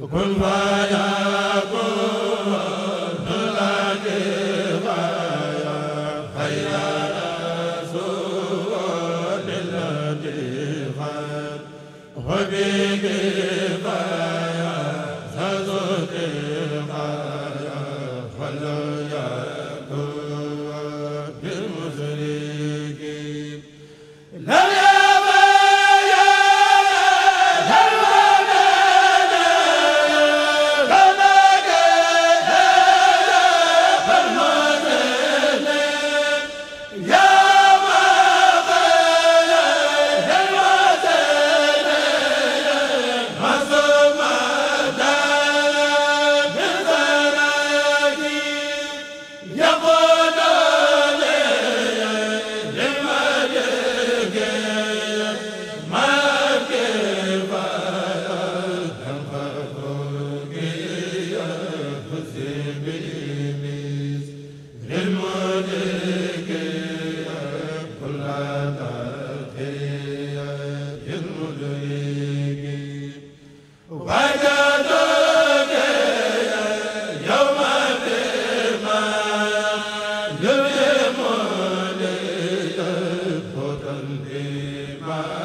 وبك akbar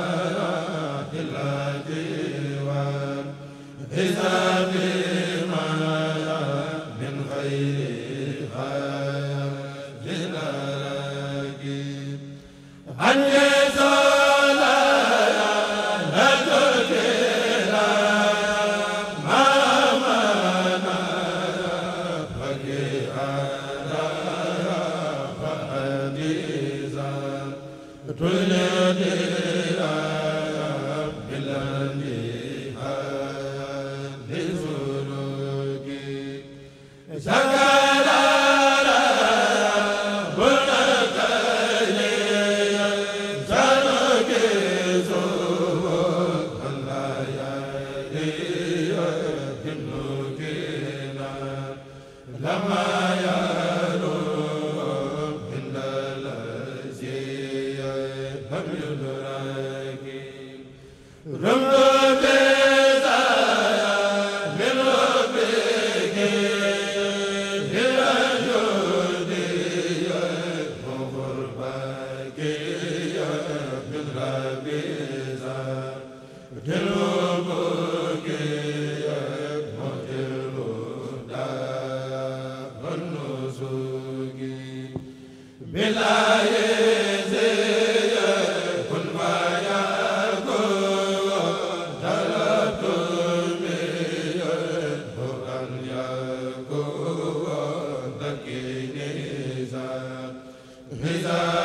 la ilaha illa bilaaye Reza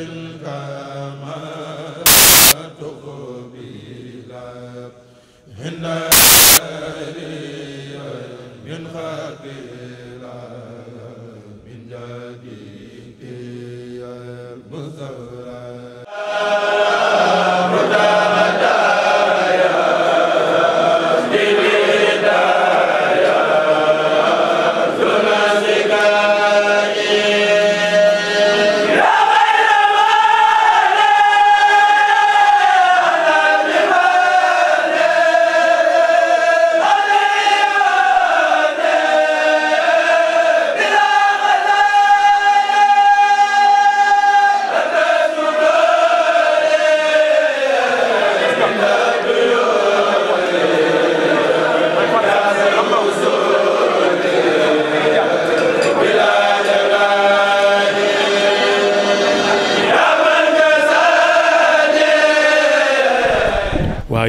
الكمال تقبل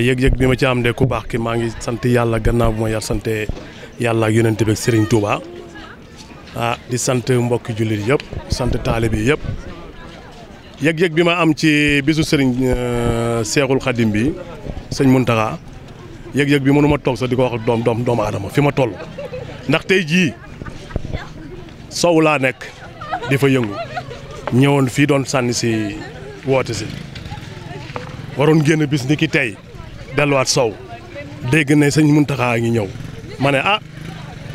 yëg-yëg bi ma ci am de ku baax ki maa ngi sant yàlla gannaaw mooy ma yar sant yàlla ak yonent bi ak Serigne Touba ah, di sant mbokki jullit yëpp sant taalibe yi yëpp yëg-yëg bi ma am ci bisu Serigne Seexul euh, Xadim bi sëñ Muntaxa yëg-yëg bi mënu ma toog sax di ko wax doom doom doomu aadama fi ma toll ndax tey jii sow laa nekk di fa yëngu ñëwoon fii doon sànni si woote si waroon génn bis ni ki tey delluwaat sow dégg ne sëñ Muntaxa ngi ñëw ma ne ah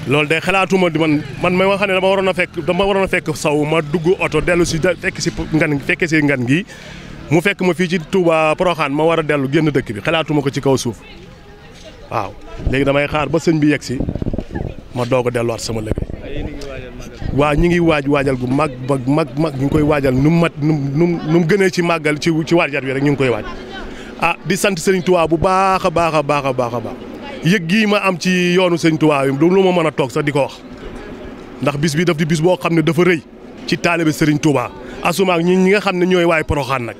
loolu de xalaatuma di man man ma xam ne dama waroon a fekk dama waroon a fekk sow ma dugg oto dellu si fekk si ngan fekke si ngan gi mu fekk ma fii ci tuubaa Poroxaan ma war a dellu génn dëkk bi xalaatuma ko ci kaw suuf waaw léegi damay xaar ba sëñ bi yegg si ma doog a delluwaat sama lëg waaw ñi ngi waaj waajal gu mag mag mag ñu ngi koy waajal nu mu mat nu mu nu mu gënee ci màggal ci ci waajal bi rek ñu ngi koy waaj ah di sant Serigne Touba bu baax a baax a baax a baax a baax yëg gii ma am ci yoonu Serigne Touba yi du lu ma mën a toog sa di ko ndax bis bi daf di bis boo xam ne dafa rëy ci taalibe Serigne Touba asuma ak ñun ñi nga xam ne ñooy waaye Poroxaan nag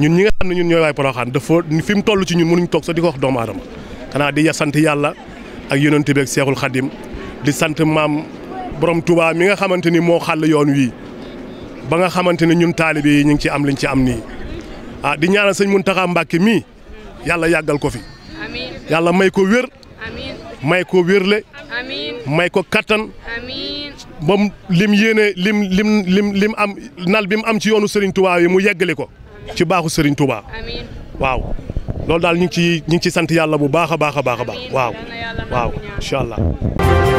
ñun ñi nga xam ne ñun ñooy waay Poroxaan dafa fi mu toll ci ñun mënuñ toog sa di ko wax doomu aadama xanaa di sant yàlla ak yonent bi ak Seexul Xadim di sant maam borom tubaa mi nga xamante ni moo xàll yoon wii ba nga xamante ni ñun taalibe yi ñu ngi ci am liñ ci am nii. ah di ñaanal mun Mountakha Mbacké mii yàlla yàggal ko fi yàlla may ko wér may ko wérle may ko kattan ba lim yéene lim lim lim lim am nal bi mu am ci yoonu Serigne Touba yi mu yeggale ko ci baaxu Serigne Touba waaw loolu daal ñu ngi ci ñu ngi ci sant yàlla bu baax a baax a baax a baax waaw waaw incha allah